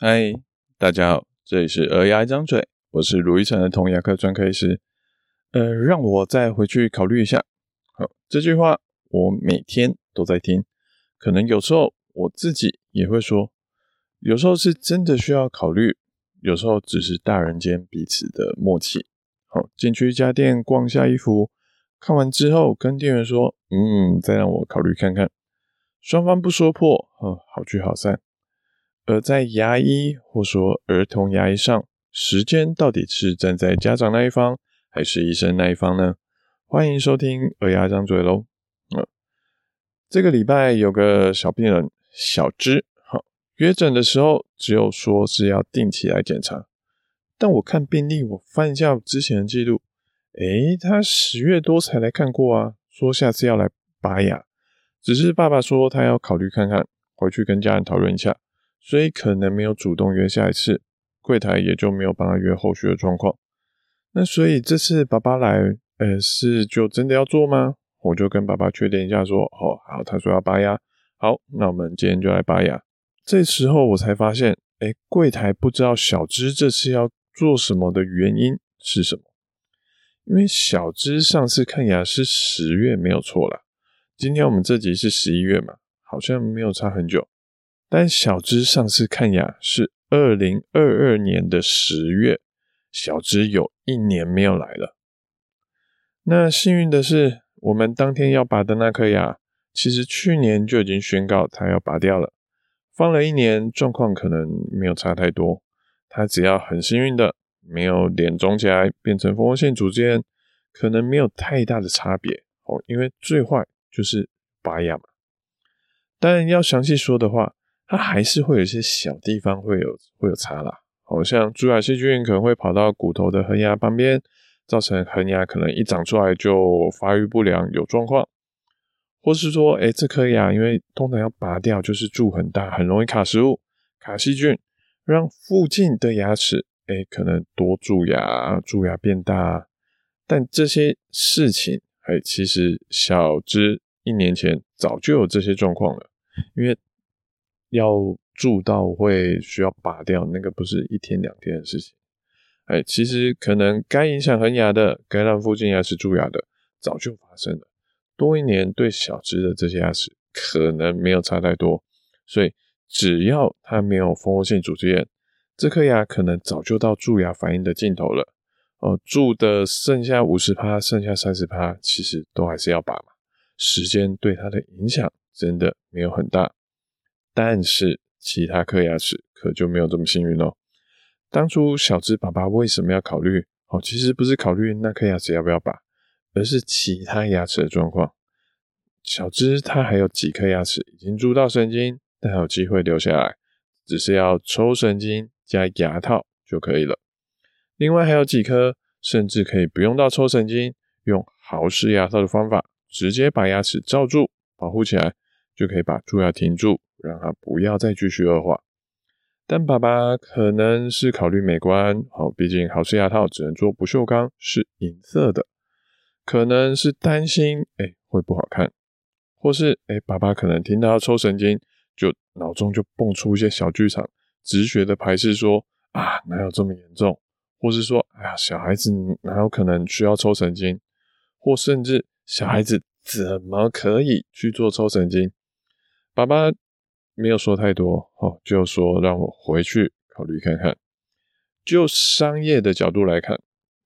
嗨，大家好，這裡是兒牙一張嘴，我是盧一晨兒童牙科專科醫師。呃，讓我再回去考慮一下。好，這句話我每天都在聽，可能有時候我自己也會說，有時候是真的需要考慮，有時候只是大人間彼此的默契。好，進去一家店逛下衣服，看完之後跟店員說，嗯，再讓我考慮看看。雙方不說破，好，好聚好散。而在牙醫，或說兒童牙醫上，時間到底是站在家長那一方，還是醫生那一方呢？歡迎收聽《兒牙一張嘴》嘍。嗯，這個禮拜有個小病人小芝，好，約診的時候，只有說是要定期來檢查。但我看病歷，我翻一下之前的記錄，誒、欸，他十月多才來看過啊，說下次要來拔牙，只是爸爸說他要考慮看看，回去跟家人討論一下。所以可能沒有主動約下一次，櫃檯也就沒有幫他約後續的狀況。那所以這次爸爸來，呃、欸，是就真的要做嗎？我就跟爸爸確定一下，說，哦，好，他說要拔牙，好，那我們今天就來拔牙。這時候我才發現，哎、欸，櫃檯不知道小芝這次要做什麼的原因是什麼？因為小芝上次看牙是十月沒有錯啦，今天我們這集是十一月嘛，好像沒有差很久。但小芝上次看牙是二零二二年的十月，小芝有一年沒有來了。那幸運的是，我們當天要拔的那顆牙，其實去年就已經宣告它要拔掉了，放了一年，狀況可能沒有差太多。它只要很幸運的，沒有臉腫起來變成蜂窩性組織炎，可能沒有太大的差別。哦，因為最壞就是拔牙嘛。但要詳細說的話。它還是會有一些小地方會有會有差啦，好像蛀牙細菌可能會跑到骨頭的恆牙旁邊造成恆牙可能一長出來就發育不良有狀況，或是說，哎、欸，這顆牙、啊、因為通常要拔掉，就是蛀很大，很容易卡食物、卡細菌，讓附近的牙齒，哎、欸，可能多蛀牙、蛀牙變大、啊。但這些事情，哎、欸，其實小只一年前早就有這些狀況了，因為。要蛀到會需要拔掉，那個不是一天兩天的事情。哎，其實可能該影響恆牙的，該讓附近牙齒蛀牙的，早就發生了。多一年對小隻的這些牙齒可能沒有差太多，所以只要它沒有蜂窩性組織炎，這顆牙可能早就到蛀牙反應的盡頭了。哦、呃，蛀的剩下五十趴，剩下三十趴，其實都還是要拔嘛。時間對它的影響真的沒有很大。但是其他顆牙齒可就沒有這麼幸運嘍。當初小芝爸爸為什麼要考慮？哦，其實不是考慮那顆牙齒要不要拔，而是其他牙齒的狀況。小芝他還有幾顆牙齒已經蛀到神經，但還有機會留下來，只是要抽神經加牙套就可以了。另外還有幾顆，甚至可以不用到抽神經，用豪式牙套的方法，直接把牙齒罩住，保護起來，就可以把蛀牙停住。讓他不要再繼續惡化，但爸爸可能是考慮美觀，好，畢竟豪氏牙套只能做不鏽鋼，是銀色的，可能是擔心，哎、欸，會不好看，或是，哎、欸，爸爸可能聽到要抽神經，就腦中就蹦出一些小劇場，直覺的排斥說，啊，哪有這麼嚴重，或是說，哎、啊、呀，小孩子哪有可能需要抽神經，或甚至小孩子怎麼可以去做抽神經，爸爸。沒有說太多哦，就說讓我回去考慮看看。就商業的角度來看，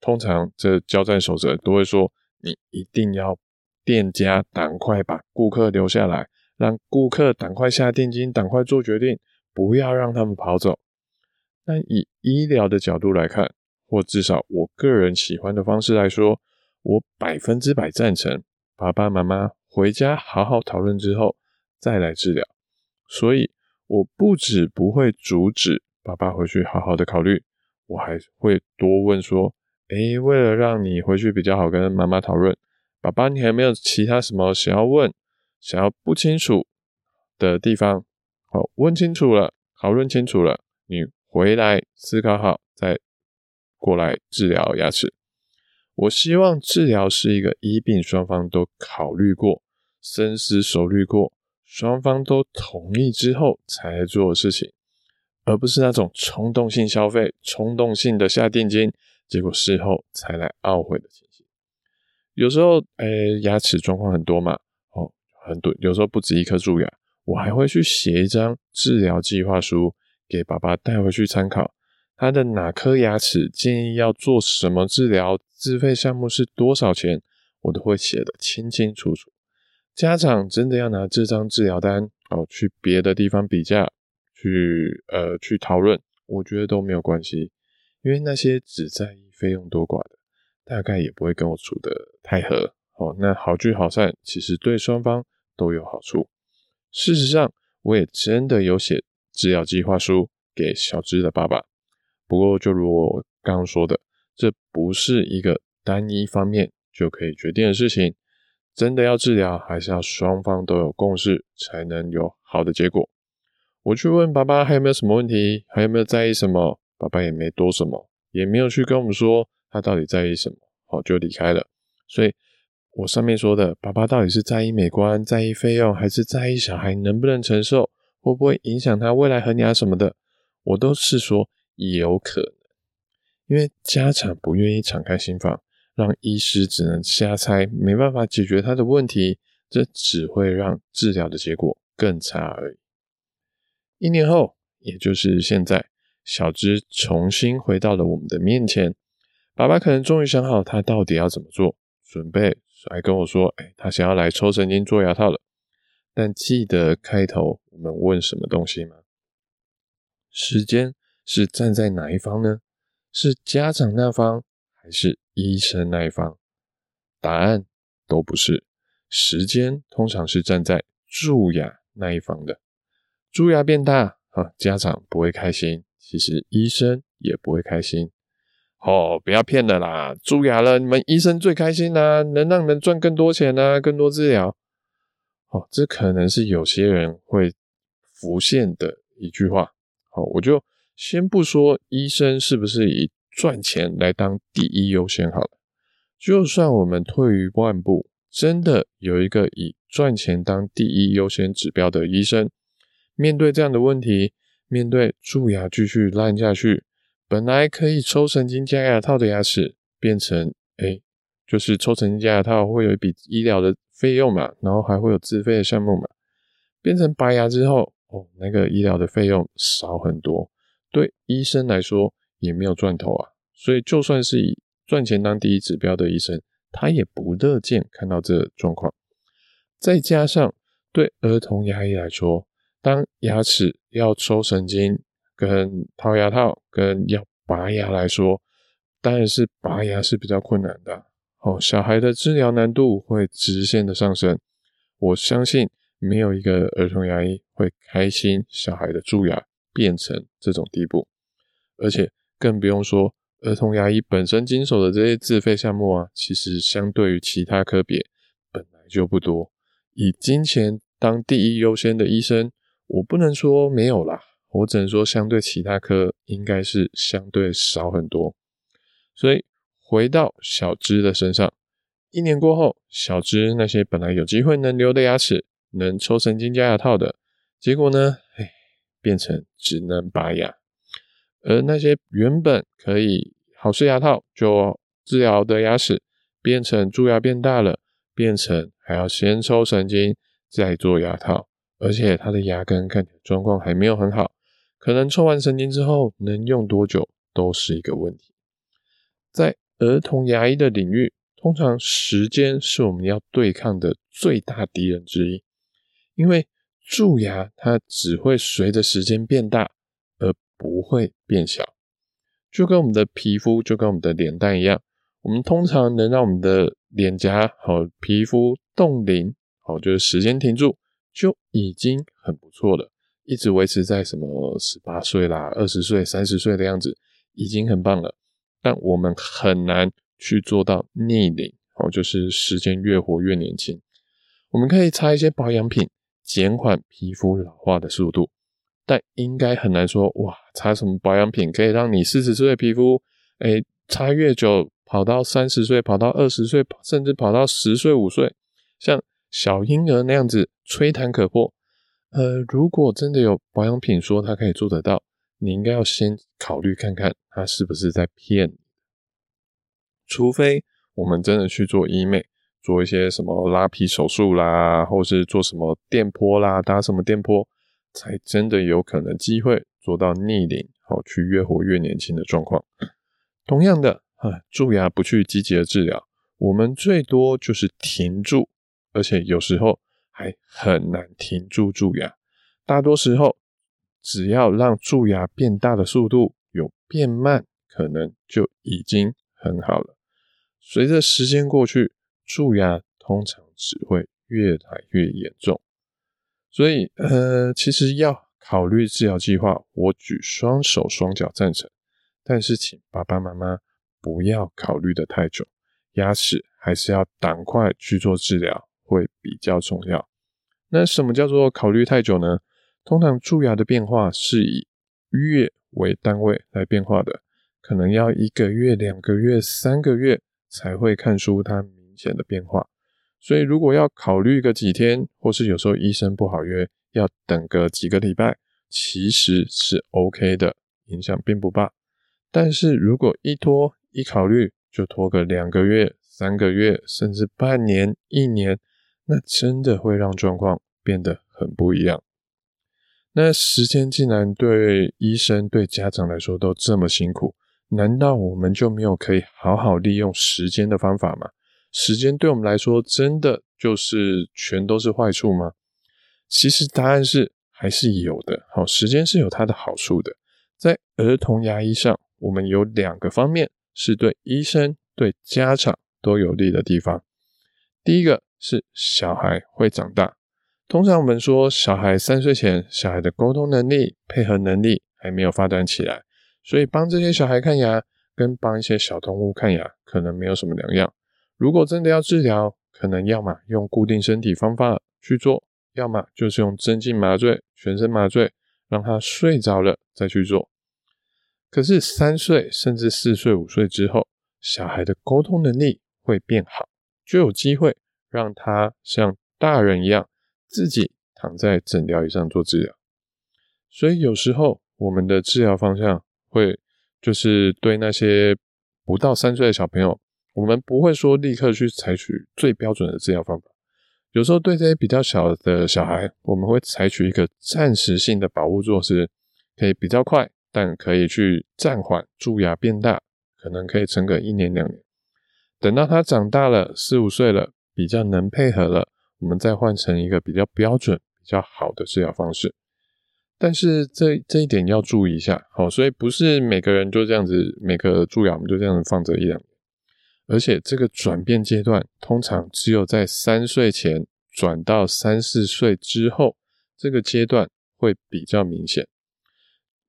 通常這交戰守則都會說，你一定要店家趕快把顧客留下來，讓顧客趕快下定金，趕快做決定，不要讓他們跑走。但以醫療的角度來看，或至少我個人喜歡的方式來說，我百分之百贊成爸爸媽媽回家好好討論之後再來治療。所以，我不止不會阻止爸爸回去好好的考慮，我還會多問說，誒、欸，為了讓你回去比較好跟媽媽討論，爸爸，你還有沒有其他什麼想要問、想要不清楚的地方？好，問清楚了，討論清楚了，你回來思考好，再過來治療牙齒。我希望治療是一個醫病雙方都考慮過、深思熟慮過。雙方都同意之後才做的事情，而不是那種衝動性消費、衝動性的下定金，結果事後才來懊悔的情形。有時候，誒，欸，牙齒狀況很多嘛，哦，很多，有時候不止一顆蛀牙，我還會去寫一張治療計劃書給爸爸帶回去參考。他的哪顆牙齒建議要做什麼治療，自費項目是多少錢，我都會寫得清清楚楚。家長真的要拿這張治療單哦，去別的地方比價，去呃去討論，我覺得都沒有關係，因為那些只在意費用多寡的，大概也不會跟我處得太合哦。那好聚好散，其實對雙方都有好處。事實上，我也真的有寫治療計劃書給小芝的爸爸，不過就如我剛剛說的，這不是一個單一方面就可以決定的事情。真的要治療，還是要雙方都有共識，才能有好的結果。我去問爸爸還有沒有什麼問題，還有沒有在意什麼？爸爸也沒多什麼，也沒有去跟我們說他到底在意什麼。好，就離開了。所以，我上面說的，爸爸到底是在意美觀，在意費用，還是在意小孩能不能承受，會不會影響他未來恆牙、啊、什麼的，我都是說有可能，因為家長不願意敞開心房。讓醫師只能瞎猜，沒辦法解決他的問題，這只會讓治療的結果更差而已。一年後，也就是現在，小芝重新回到了我們的面前。爸爸可能終於想好他到底要怎麼做，準備還跟我說：“哎，他想要來抽神經做牙套了。”但記得開頭我們問什麼東西嗎？時間是站在哪一方呢？是家長那方。還是醫生那一方，答案都不是。時間通常是站在蛀牙那一方的，蛀牙變大啊，家長不會開心，其實醫生也不會開心。哦，不要騙了啦，蛀牙了你們醫生最開心啦、啊，能讓你們賺更多錢吶、啊，更多治療。哦，這可能是有些人會浮現的一句話。好、哦，我就先不說醫生是不是以。賺錢來當第一優先好了，就算我們退一萬步，真的有一個以賺錢當第一優先指標的醫生，面對這樣的問題，面對蛀牙繼續爛下去，本來可以抽神經加牙套的牙齒，變成哎、欸，就是抽神經加牙套會有一筆醫療的費用嘛，然後還會有自費的項目嘛，變成拔牙之後，哦，那個醫療的費用少很多，對醫生來說。也沒有賺頭啊，所以就算是以賺錢當第一指標的醫生，他也不樂見看到這狀況。再加上對兒童牙醫來說，當牙齒要抽神經、跟套牙套、跟要拔牙來說，當然是拔牙是比較困難的哦。小孩的治療難度會直線的上升。我相信沒有一個兒童牙醫會開心小孩的蛀牙變成這種地步，而且。更不用說兒童牙醫本身經手的這些自費項目啊，其實相對於其他科別，本來就不多。以金錢當第一優先的醫生，我不能說沒有啦，我只能說相對其他科應該是相對少很多。所以回到小芝的身上，一年過後，小芝那些本來有機會能留的牙齒，能抽神經加牙套的，結果呢，唉，變成只能拔牙。而那些原本可以好做牙套就治療的牙齒，變成蛀牙變大了，變成還要先抽神經再做牙套，而且他的牙根看起來狀況還沒有很好，可能抽完神經之後能用多久都是一個問題。在兒童牙醫的領域，通常時間是我們要對抗的最大敵人之一，因為蛀牙它只會隨着時間變大，不會變小，就跟我們的皮膚，就跟我們的臉蛋一樣。我們通常能讓我們的臉頰和皮膚凍齡，好，就是時間停住，就已經很不錯了。一直維持在什麼十八歲啦、二十歲、三十歲的樣子，已經很棒了。但我們很難去做到逆齡，哦，就是時間越活越年輕。我們可以擦一些保養品，減緩皮膚老化的速度。但應該很難說，哇，擦什麼保養品可以讓你四十歲的皮膚，欸，擦越久跑到三十歲，跑到二十歲，甚至跑到十歲五歲，像小嬰兒那樣子吹彈可破。呃，如果真的有保養品說它可以做得到，你應該要先考慮看看它是不是在騙你。除非我們真的去做醫美，做一些什麼拉皮手術啦，或是做什麼電波啦，打什麼電波。才真的有可能機會做到逆齡，好，去越活越年輕的狀況。同樣的，啊，蛀牙不去積極的治療，我們最多就是停住，而且有時候還很難停住蛀牙。大多時候，只要讓蛀牙變大的速度有變慢，可能就已經很好了。隨着時間過去，蛀牙通常只會越來越嚴重。所以，呃，其實要考慮治療計劃，我舉雙手雙腳贊成。但是，請爸爸媽媽不要考慮得太久，牙齒還是要趕快去做治療，會比較重要。那什麼叫做考慮太久呢？通常蛀牙的變化是以月為單位來變化的，可能要一個月、兩個月、三個月才會看出它明顯的變化。所以，如果要考慮個幾天，或是有時候醫生不好約，要等個幾個禮拜，其實是 OK 的，影響並不大。但是如果一拖一考慮，就拖個兩個月、三個月，甚至半年、一年，那真的會讓狀況變得很不一樣。那時間既然對醫生、對家長來說都這麼辛苦，難道我們就沒有可以好好利用時間的方法嗎？時間對我們來說，真的就是全都是壞處嗎？其實答案是還是有的。好，時間是有它的好處的。在兒童牙醫上，我們有兩個方面是對醫生、對家長都有利的地方。第一個是小孩會長大。通常我們說，小孩三歲前，小孩的溝通能力、配合能力還沒有發展起來，所以幫這些小孩看牙，跟幫一些小動物看牙，可能沒有什麼兩樣。如果真的要治療，可能要麼用固定身體方法，去做，要麼就是用鎮靜麻醉、全身麻醉，讓他睡着了再去做。可是三歲甚至四歲、五歲之後，小孩的溝通能力會變好，就有機會讓他像大人一樣自己躺在診療椅上做治療。所以有時候我們的治療方向會就是對那些不到三歲的小朋友。我們不會說立刻去採取最標準的治療方法，有時候對這些比較小的小孩，我們會採取一個暫時性的保護措施，可以比較快，但可以去暫緩蛀牙變大，可能可以撐個一年兩年，等到他長大了四五歲了，比較能配合了，我們再換成一個比較標準、比較好的治療方式。但是這這一點要注意一下，好、哦，所以不是每個人就這樣子，每個蛀牙我們就這樣子放着一兩年。而且這個轉變階段，通常只有在三歲前轉到三四歲之後，這個階段會比較明顯，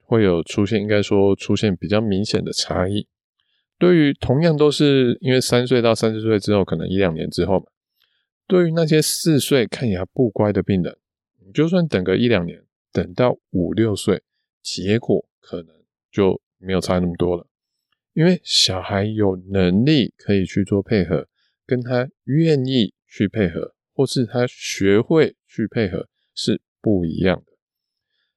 會有出現，應該說出現比較明顯的差異。對於同樣都是因為三歲到三四歲之後，可能一兩年之後嘛，對於那些四歲看牙不乖的病人，你就算等個一兩年，等到五六歲，結果可能就沒有差那麼多了。因為小孩有能力可以去做配合，跟他願意去配合，或是他學會去配合是不一樣的。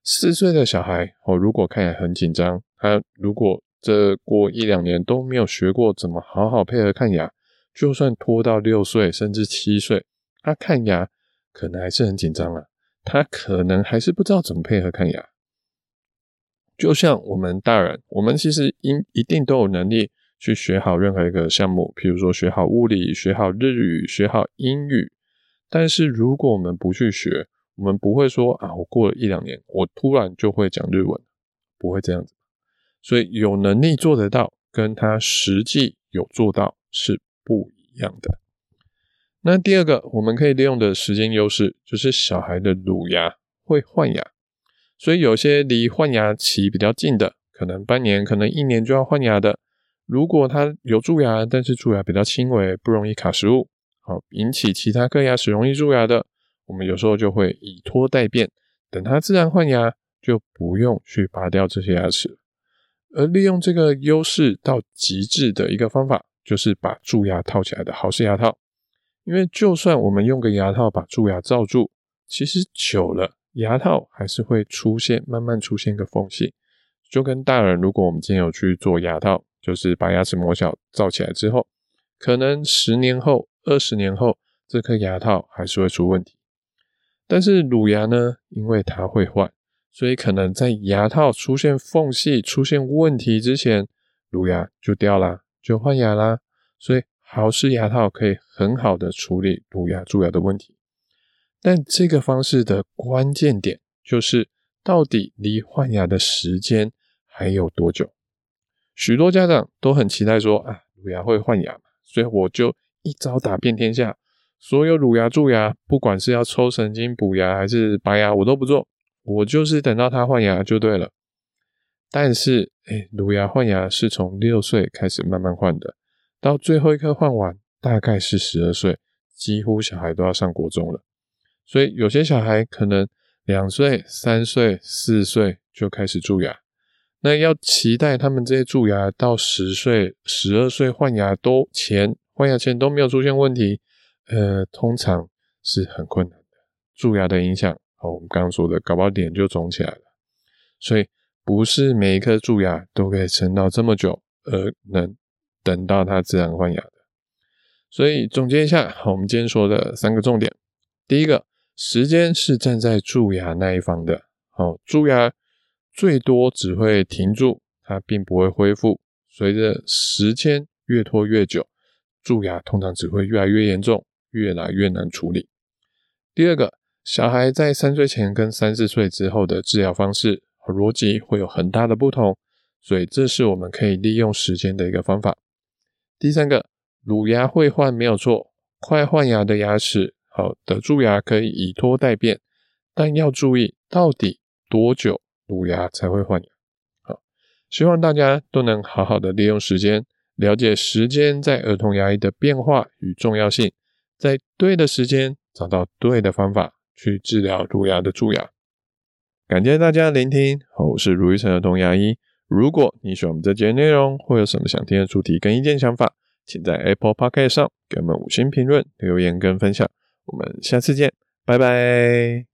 四歲的小孩，哦，如果看牙很緊張，他如果這過一兩年都沒有學過怎麼好好配合看牙，就算拖到六歲甚至七歲，他看牙可能還是很緊張啊，他可能還是不知道怎麼配合看牙。就像我們大人，我們其實應一定都有能力去學好任何一個項目，比如說學好物理、學好日語、學好英語。但是如果我們不去學，我們不會說啊，我過了一兩年，我突然就會講日文，不會這樣子。所以有能力做得到，跟他實際有做到是不一樣的。那第二個，我們可以利用的時間優勢，就是小孩的乳牙會換牙。所以有些離換牙期比較近的，可能半年，可能一年就要換牙的。如果它有蛀牙，但是蛀牙比較輕微，不容易卡食物，好引起其他顆牙齒容易蛀牙的，我們有時候就會以拖待變，等它自然換牙，就不用去拔掉這些牙齒。而利用這個優勢到極致的一個方法，就是把蛀牙套起來的豪氏牙套，因為就算我們用個牙套把蛀牙罩住，其實久了。牙套還是會出現，慢慢出現一個縫隙，就跟大人，如果我們今天有去做牙套，就是把牙齒磨小造起來之後，可能十年後、二十年後，這顆牙套還是會出問題。但是乳牙呢，因為它會壞，所以可能在牙套出現縫隙、出現問題之前，乳牙就掉啦，就換牙啦。所以，豪氏牙套可以很好的處理乳牙蛀牙的問題。但這個方式的關鍵點就是，到底離換牙的時間還有多久？許多家長都很期待說：“啊，乳牙會換牙嘛，所以我就一招打遍天下，所有乳牙蛀牙，不管是要抽神經補牙還是拔牙，我都不做，我就是等到他換牙就對了。”但是，哎、欸，乳牙換牙是從六歲開始慢慢換的，到最後一顆換完，大概是十二歲，幾乎小孩都要上國中了。所以有些小孩可能兩歲、三歲、四歲就開始蛀牙，那要期待他們這些蛀牙到十歲、十二歲換牙都前換牙前都沒有出現問題，呃，通常是很困難的。蛀牙的影響，好，我們剛剛說的，搞不好臉就腫起來了。所以不是每一顆蛀牙都可以撐到這麼久，而能等到它自然換牙的。所以總結一下，好，我們今天說的三個重點，第一個。時間是站在蛀牙那一方的哦，蛀牙最多只會停住，它並不會恢復。隨着時間越拖越久，蛀牙通常只會越來越嚴重，越來越難處理。第二個，小孩在三歲前跟三四歲之後的治療方式和邏輯會有很大的不同，所以這是我們可以利用時間的一個方法。第三個，乳牙會換沒有錯，快換牙的牙齒，好的蛀牙可以以拖待變，但要注意到底多久乳牙才會換牙。好，希望大家都能好好的利用時間，了解時間在兒童牙醫的變化與重要性，在對的時間找到對的方法去治療乳牙的蛀牙。感謝大家聆聽，我是盧玉成兒童牙醫。如果你喜歡我們這節內容，或有什麼想聽的主題跟意見想法，請在 Apple Podcast 上給我們五星評論、留言跟分享。我們下次見，拜拜。